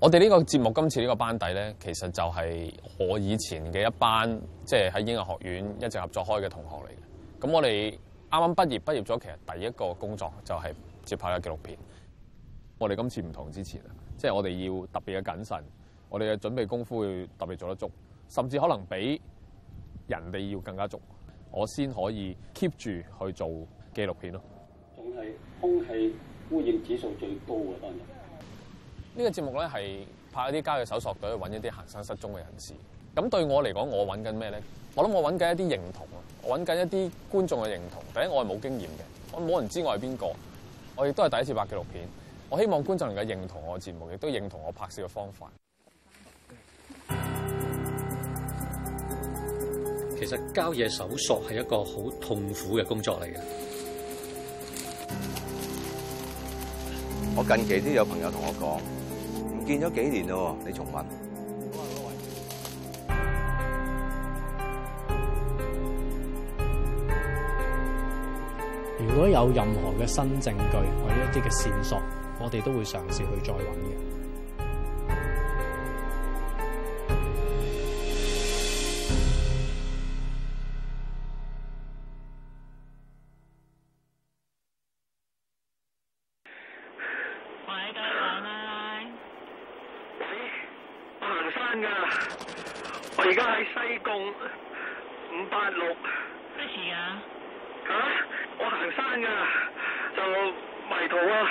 我哋呢個節目今次呢個班底咧，其實就係我以前嘅一班，即係喺英亞學院一直合作開嘅同學嚟嘅。咁我哋啱啱畢業，畢業咗其實第一個工作就係接拍嘅紀錄片。我哋今次唔同之前啊，即係我哋要特別嘅謹慎，我哋嘅準備功夫要特別做得足，甚至可能比人哋要更加足，我先可以 keep 住去做紀錄片咯。仲係空氣污染指數最高嘅當日。這個、節呢個節目咧，係拍一啲郊野搜索隊揾一啲行山失蹤嘅人士。咁對我嚟講，我揾緊咩咧？我諗我揾緊一啲認同啊，我揾緊一啲觀眾嘅認同。第一，我係冇經驗嘅，我冇人知我係邊個，我亦都係第一次拍紀錄片。我希望觀眾能夠認同我嘅節目，亦都認同我拍攝嘅方法。其實郊野搜索係一個好痛苦嘅工作嚟嘅。我近期都有朋友同我講。見咗幾年咯，你重揾。如果有任何嘅新證據或者一啲嘅線索，我哋都會嘗試去再揾嘅。五,五八六，咩事啊？吓、啊？我行山㗎，就迷途啊！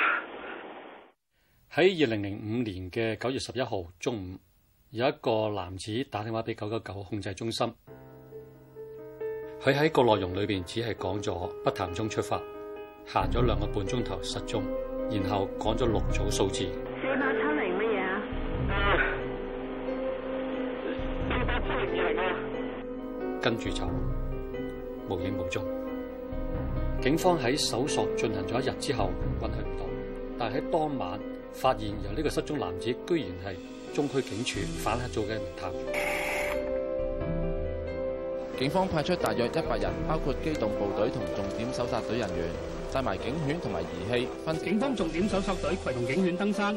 喺二零零五年嘅九月十一號中午，有一個男子打電話俾九九九控制中心，佢喺個內容裏邊只係講咗北潭涌出發，行咗兩個半鐘頭失蹤，然後講咗六組數字。跟住走，無影無蹤。警方喺搜索進行咗一日之後，揾佢唔到，但喺當晚發現，由呢個失蹤男子，居然係中區警署反黑組嘅一名探員。警方派出大約一百人，包括機動部隊同重點搜查隊人員，帶埋警犬同埋儀器，警方重點搜索隊攜同警犬登山。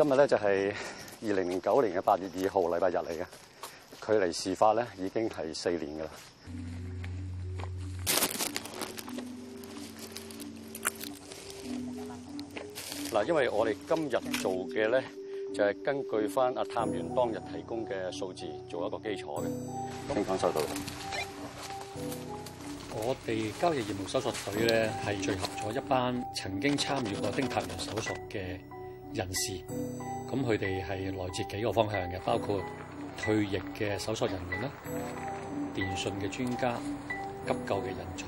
今日咧就係二零零九年嘅八月二號禮拜日嚟嘅，距離事發咧已經係四年噶啦。嗱，因為我哋今日做嘅咧，就係根據翻阿探員當日提供嘅數字，做一個基礎嘅。咁講收到。我哋郊野義務搜索隊咧，係聚合咗一班曾經參與過丁探員搜索嘅人士，咁佢哋係來自幾個方向嘅，包括退役嘅搜索人員啦，電信嘅專家，急救嘅人才，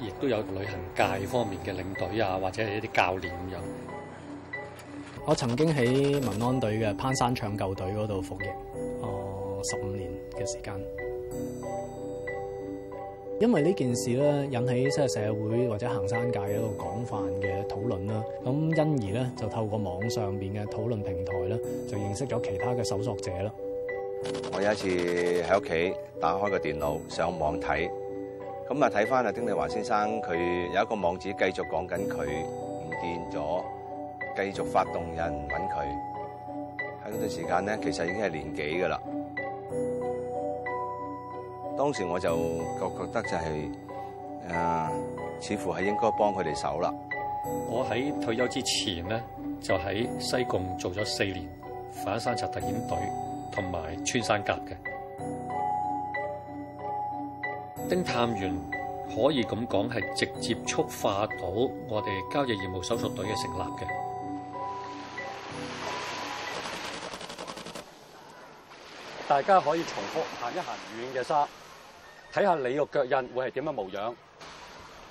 亦都有旅行界方面嘅領隊啊，或者係一啲教練咁樣。我曾經喺民安隊嘅攀山搶救隊嗰度服役，哦，十五年嘅時間。因為呢件事咧，引起即係社會或者行山界的一個廣泛嘅討論啦，咁因而咧，就透過網上邊嘅討論平台咧，就認識咗其他嘅搜索者啦。我有一次喺屋企打開個電腦上網睇，咁啊睇翻啊丁利華先生佢有一個網址，繼續講緊佢唔見咗，繼續發動人揾佢。喺嗰段時間咧，其實已經係年紀噶啦。當時我就覺覺得就係、是、誒、呃，似乎係應該幫佢哋手啦。我喺退休之前咧，就喺西貢做咗四年反山賊特遣隊同埋穿山甲嘅。丁探員可以咁講，係直接觸發到我哋郊野義務搜索隊嘅成立嘅。大家可以重複行一行遠嘅沙。睇下你個腳印會係點樣模樣？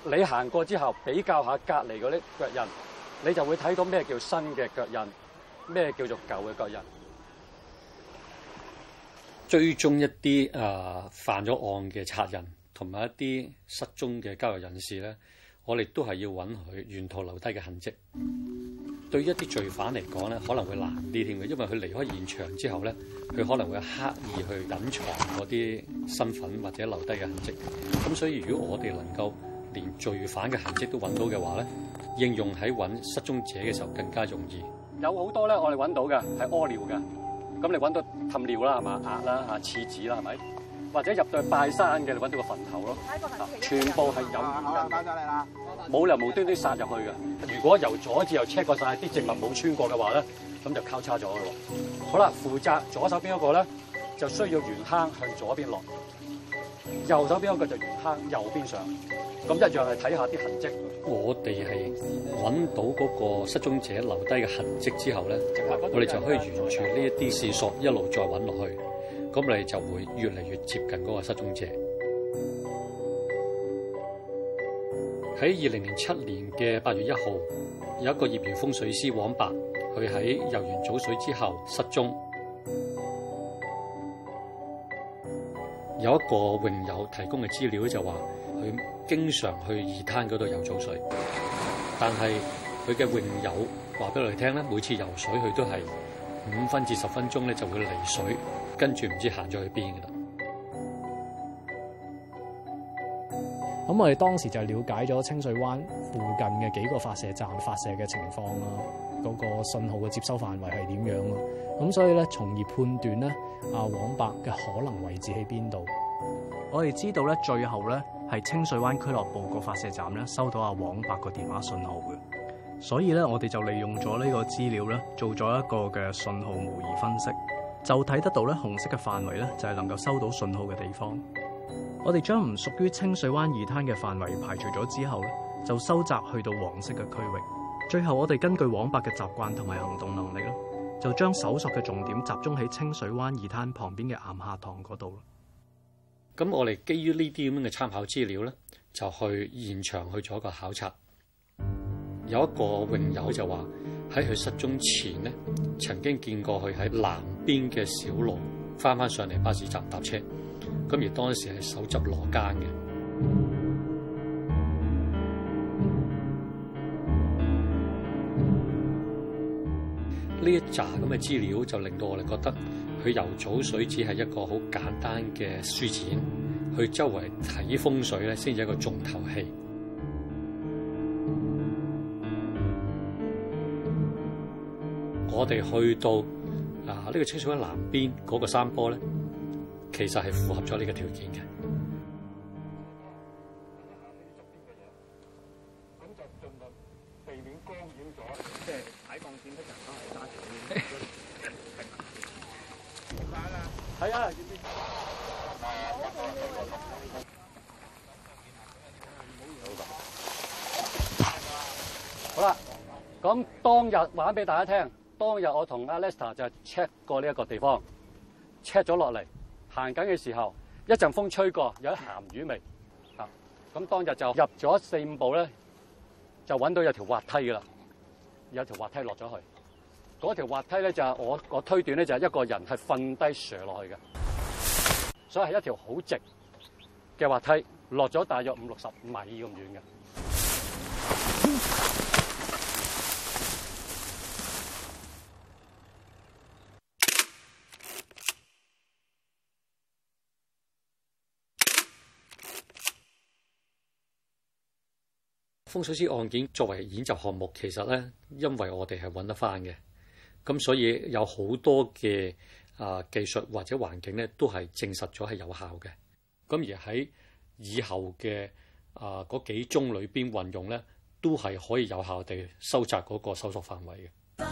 你行過之後比較下隔離嗰啲腳印，你就會睇到咩叫新嘅腳印，咩叫做舊嘅腳印。追蹤一啲誒、呃、犯咗案嘅賊人，同埋一啲失蹤嘅郊遊人士咧，我哋都係要揾佢沿途留低嘅痕跡。對於一啲罪犯嚟講咧，可能會難啲添嘅，因為佢離開現場之後咧，佢可能會刻意去隱藏嗰啲身份或者留低嘅痕跡。咁所以如果我哋能夠連罪犯嘅痕跡都揾到嘅話咧，應用喺揾失蹤者嘅時候更加容易。有好多咧，我哋揾到嘅係屙尿嘅，咁你揾到氹尿啦，係嘛？鴨啦，嚇，廁紙啦，係咪？或者入到去拜山嘅，揾到個墳頭咯。全部係有原因嘅，冇人無端端散入去嘅。如果由左至右 check 過曬啲植物冇穿過嘅話咧，咁就交叉咗嘅喎。好啦，負責左手邊嗰個咧，就需要沿坑向左邊落；右手邊嗰個就沿坑右邊上。咁一樣係睇下啲痕跡。我哋係揾到嗰個失蹤者留低嘅痕跡之後咧，我哋就可以沿住呢一啲線索一路再揾落去。嗯嗯嗯咁你就會越嚟越接近嗰個失蹤者。喺二零零七年嘅八月一號，有一個業餘風水師黃伯，佢喺游完早水之後失蹤。有一個泳友提供嘅資料就話，佢經常去二灘嗰度游早水，但係佢嘅泳友話俾佢聽咧，每次游水佢都係五分至十分鐘咧就會離水。跟住唔知行咗去邊噶啦。咁我哋當時就了解咗清水灣附近嘅幾個發射站發射嘅情況啦，嗰個信號嘅接收範圍係點樣啊？咁所以咧，從而判斷咧，阿黃伯嘅可能位置喺邊度？我哋知道咧，最後咧係清水灣俱樂部個發射站咧收到阿黃伯個電話信號嘅，所以咧我哋就利用咗呢個資料咧，做咗一個嘅信號模擬分析。就睇得到咧，紅色嘅範圍咧就係能夠收到信號嘅地方。我哋將唔屬於清水灣二灘嘅範圍排除咗之後咧，就收集去到黃色嘅區域。最後我哋根據黃伯嘅習慣同埋行動能力咯，就將搜索嘅重點集中喺清水灣二灘旁邊嘅岩下塘嗰度。咁我哋基於呢啲咁嘅參考資料咧，就去現場去做一個考察。有一個泳友就話，喺佢失蹤前咧，曾經見過佢喺南邊嘅小路翻翻上嚟巴士站搭車，咁而當時係手執羅庚嘅。呢一扎咁嘅資料就令到我哋覺得，佢遊草水只係一個好簡單嘅舒展，去周圍睇風水咧先至係一個重頭戲。我哋去到啊，這個、個呢個清水灣南邊嗰個山坡咧，其實係符合咗呢個條件嘅。咁就盡量避免干擾咗，即係擺放點咧就翻喺沙場係啊。好啦，咁當日話俾大家聽。當日我同 Lester 就 check 過呢一個地方，check 咗落嚟，行緊嘅時候一陣風吹過，有鹹魚味，咁、啊、當日就入咗四五步咧，就揾到有條滑梯噶啦，有條滑梯落咗去。嗰條滑梯咧就是、我個推斷咧就係、是、一個人係瞓低瀡落去嘅，所以係一條好直嘅滑梯，落咗大約五六十米咁遠嘅。風水師案件作為演習項目，其實咧，因為我哋係揾得翻嘅，咁所以有好多嘅啊技術或者環境咧，都係證實咗係有效嘅。咁而喺以後嘅啊嗰幾宗裏邊運用咧，都係可以有效地收窄嗰個搜索範圍嘅。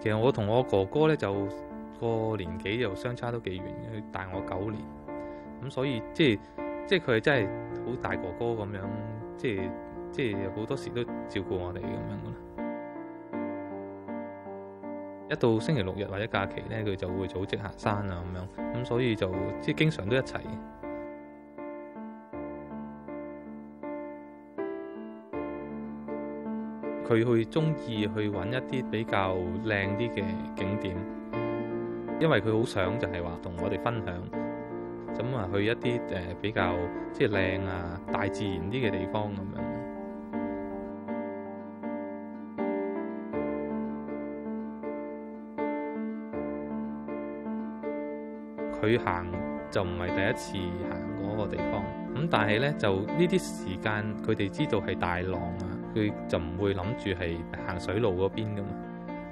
其實我同我哥哥咧就個年紀又相差都幾遠，佢大我九年，咁所以即係即係佢真係好大哥哥咁樣，即係即係好多時都照顧我哋咁樣噶啦。一到星期六日或者假期咧，佢就會組織行山啊咁樣，咁所以就即係經常都一齊。佢去中意去揾一啲比較靚啲嘅景點，因為佢好想就係話同我哋分享，咁啊去一啲誒比較即係靚啊大自然啲嘅地方咁樣。佢行就唔係第一次行嗰個地方，咁但係咧就呢啲時間佢哋知道係大浪啊。佢就唔會諗住係行水路嗰邊㗎嘛，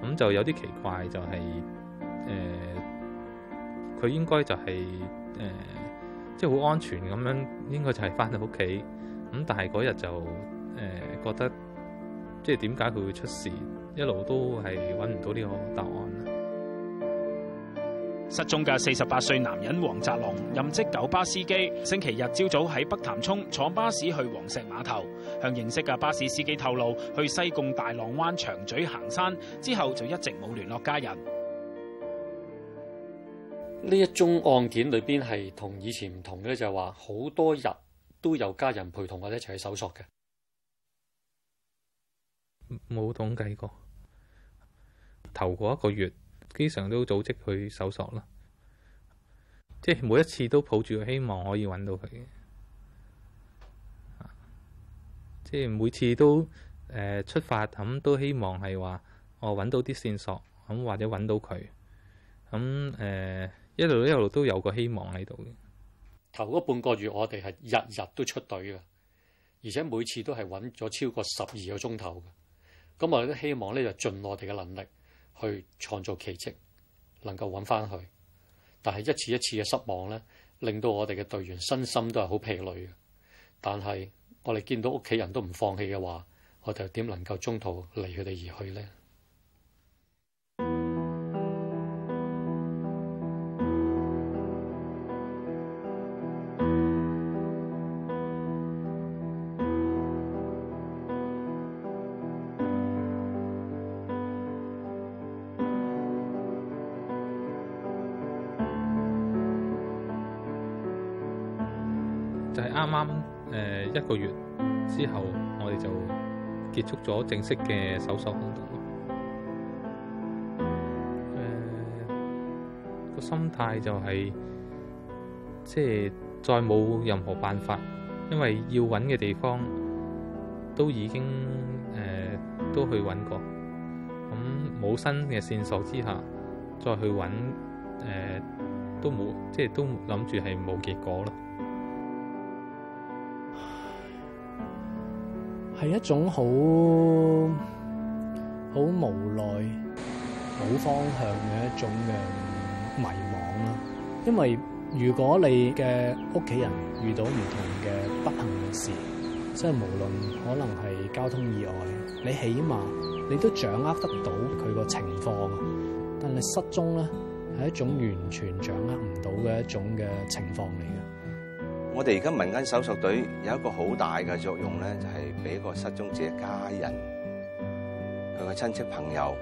咁就有啲奇怪，就係，就係誒，佢應該就係、係、誒，即係好安全咁樣，應該就係返到屋企，咁但係嗰日就誒、呃、覺得，即係點解佢會出事，一路都係揾唔到呢個答案。失蹤嘅四十八歲男人黃澤龍，任職九巴司機，星期日朝早喺北潭涌坐巴士去黃石碼頭，向認識嘅巴士司機透露去西貢大浪灣長咀行山，之後就一直冇聯絡家人。呢一宗案件裏邊係同以前唔同嘅，就係話好多日都有家人陪同或者一齊去搜索嘅，冇統計過頭嗰一個月。經常都組織去搜索咯，即係每一次都抱住希望可以揾到佢嘅，即係每次都誒、呃、出發咁都希望係話我揾到啲線索咁，或者揾到佢咁，誒、一路一路都有個希望喺度嘅。頭嗰半個月我哋係日日都出隊嘅，而且每次都係揾咗超過十二個鐘頭，咁我哋都希望咧就盡我哋嘅能力。去創造奇蹟，能夠揾翻佢，但係一次一次嘅失望咧，令到我哋嘅隊員身心都係好疲累嘅。但係我哋見到屋企人都唔放棄嘅話，我哋又點能夠中途離佢哋而去咧？啱啱一個月之後，我哋就結束咗正式嘅搜索行動。個心態就係、是、即係再冇任何辦法，因為要揾嘅地方都已經、呃、都去揾過，咁冇新嘅線索之下，再去揾、呃、都冇，即係都諗住係冇結果咯。係一種好好無奈冇方向嘅一種嘅迷惘啦。因為如果你嘅屋企人遇到唔同嘅不幸嘅事，即係無論可能係交通意外，你起碼你都掌握得到佢個情況。但係失蹤咧係一種完全掌握唔到嘅一種嘅情況嚟嘅。我哋而家民間搜索隊有一個好大嘅作用咧，就係俾個失蹤者家人佢嘅親戚朋友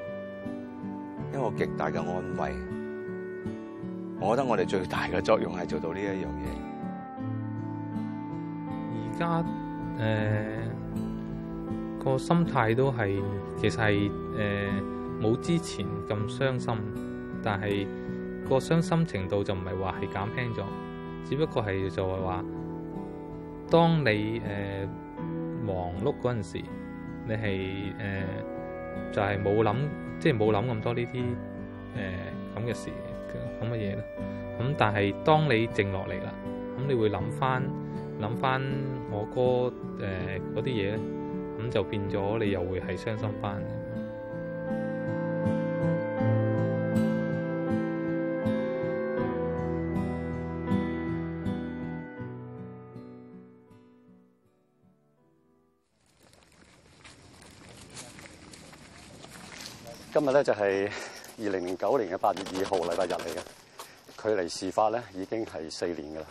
一個極大嘅安慰。我覺得我哋最大嘅作用係做到呢一樣嘢。而家誒個心態都係其實係誒冇之前咁傷心，但係個傷心程度就唔係話係減輕咗。只不過係就係話，當你、呃、忙碌嗰陣時，你係誒、呃、就係冇諗，即係冇諗咁多呢啲誒咁嘅事咁嘅嘢。咁但係當你靜落嚟啦，咁你會諗翻諗翻我哥誒嗰啲嘢咧，咁、呃、就變咗你又會係傷心翻。今日咧就係二零零九年嘅八月二號禮拜日嚟嘅，距離事發咧已經係四年噶啦。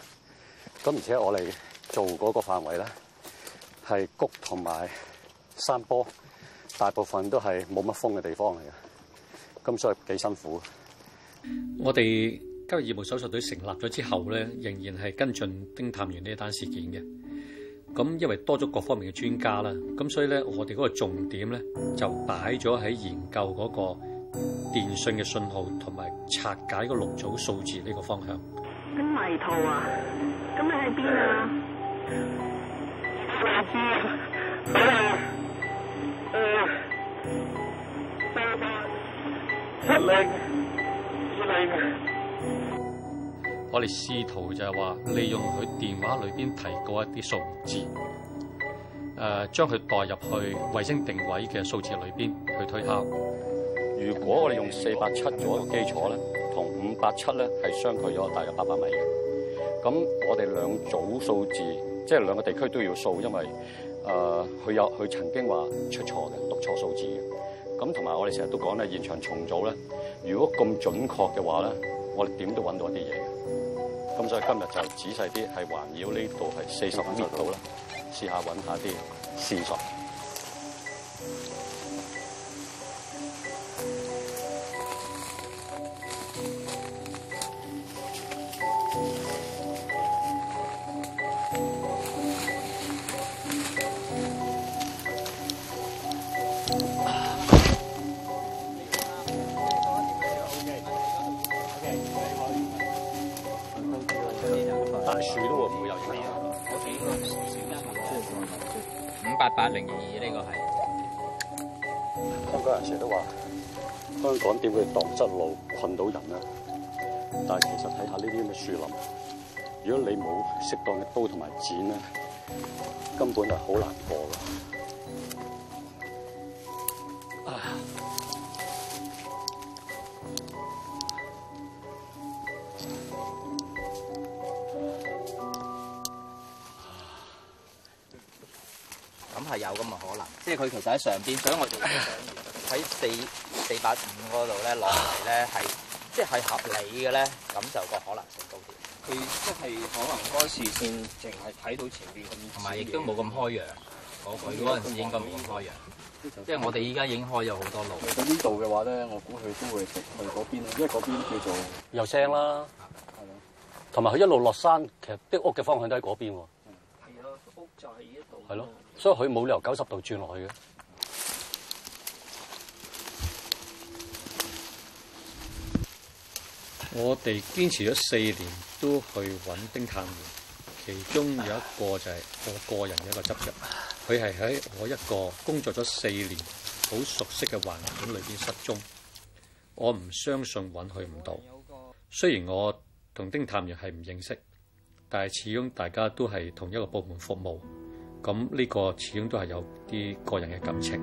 咁而且我哋做嗰個範圍咧係谷同埋山坡，大部分都係冇乜風嘅地方嚟嘅，咁所以幾辛苦的。我哋今日義務搜索隊成立咗之後咧，仍然係跟進偵探員呢一單事件嘅。咁因為多咗各方面嘅專家啦，咁所以咧，我哋嗰個重點咧就擺咗喺研究嗰個電信嘅信號同埋拆解個六組數字呢個方向。咁迷途啊？咁你喺邊啊？未啊。八七零七零。我哋試圖就係話利用佢電話裏邊提過一啲數字，誒將佢代入去衛星定位嘅數字裏邊去推敲。如果我哋用四百七做個基礎咧，同五百七咧係相距咗大約八百米嘅。咁我哋兩組數字，即係兩個地區都要數，因為誒佢、呃、有佢曾經話出錯嘅，讀錯數字嘅。咁同埋我哋成日都講咧，現場重組咧，如果咁準確嘅話咧，我哋點都揾到一啲嘢。咁所以今日就仔細啲，係環繞呢度係四十五分鐘到啦，試下揾下啲線索。樹都會唔會有影響。五八八零二二呢個係。香港人成日都話，香港點會蕩失路困到人咧？但係其實睇下呢啲咁嘅樹林，如果你冇適當嘅刀同埋剪咧，根本係好難過嘅。即係佢其實喺上邊，所以我哋喺四四百五嗰度咧落嚟咧係，即係合理嘅咧，咁就個可能性高啲。佢即係可能嗰視線淨係睇到前邊，同埋亦都冇咁開揚，嗰佢嗰陣時應該唔開揚。即係我哋依家影開有好多路。到呢度嘅話咧，我估佢都會去嗰邊，因為嗰邊叫做有聲啦，係咯。同埋佢一路落山，其實壁屋嘅方向都喺嗰邊喎。就喺呢度，係咯，所以佢冇理由九十度轉落去嘅。我哋堅持咗四年都去揾丁探員，其中有一個就係我個人嘅一個執着。佢係喺我一個工作咗四年好熟悉嘅環境裏邊失蹤，我唔相信揾佢唔到。雖然我同丁探員係唔認識。但係始終大家都係同一個部門服務，咁呢個始終都係有啲個人嘅感情。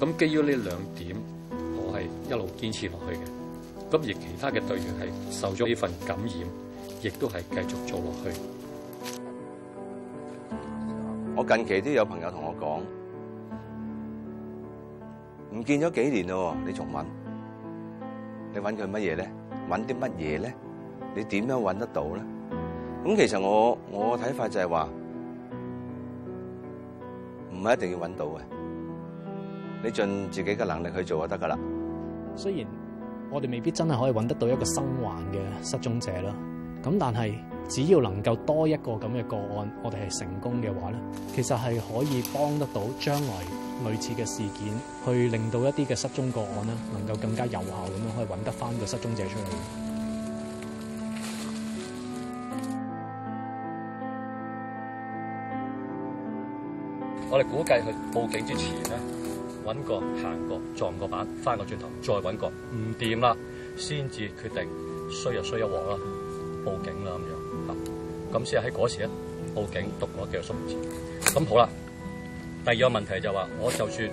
咁基於呢兩點，我係一路堅持落去嘅。咁亦其他嘅隊員係受咗呢份感染，亦都係繼續做落去的。我近期都有朋友同我講，唔見咗幾年咯，你仲揾，你揾佢乜嘢咧？揾啲乜嘢咧？你點樣揾得到咧？咁其實我我睇法就係話，唔係一定要揾到嘅，你盡自己嘅能力去做就得㗎喇。雖然我哋未必真係可以揾得到一個生還嘅失蹤者啦，咁但係只要能夠多一個咁嘅個案，我哋係成功嘅話咧，其實係可以幫得到將來類似嘅事件，去令到一啲嘅失蹤個案咧，能夠更加有效咁樣可以揾得返個失蹤者出嚟。我哋估計佢報警之前咧，揾個行過,過撞個板，翻個轉頭，再揾個唔掂啦，先至決定衰就衰一鑊啦，報警啦咁樣。咁先喺嗰時咧，報警讀幾個數字。咁好啦，第二個問題就話、是，我就算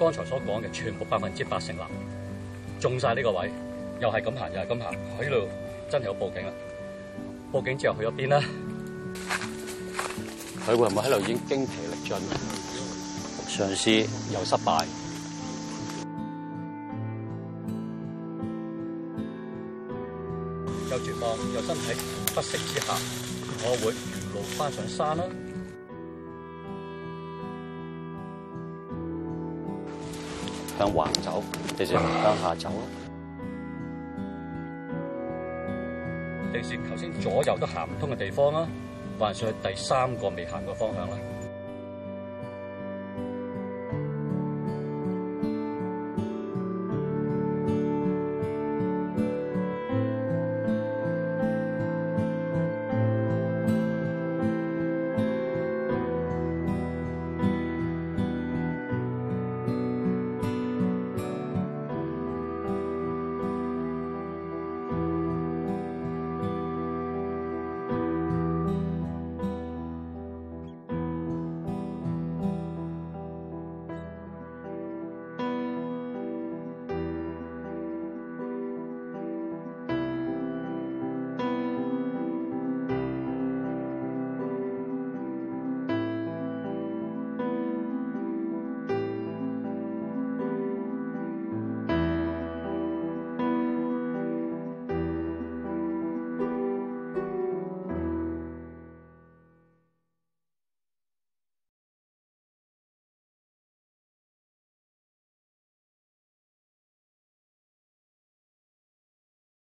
剛才所講嘅全部百分之八成立，中晒呢個位，又係咁行又係咁行，喺度真係有報警啦！報警之後去咗邊啦？佢會唔會喺度已經精疲力盡？嘗試又失敗，又絕望，又身體不適之下，我會沿路返上山啦，向橫走，地勢向下走咯、啊，地勢頭先左右都行唔通嘅地方啦，還是去第三個未行過的方向啦。